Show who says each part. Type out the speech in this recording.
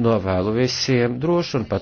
Speaker 1: novēlu visiem drošu un pat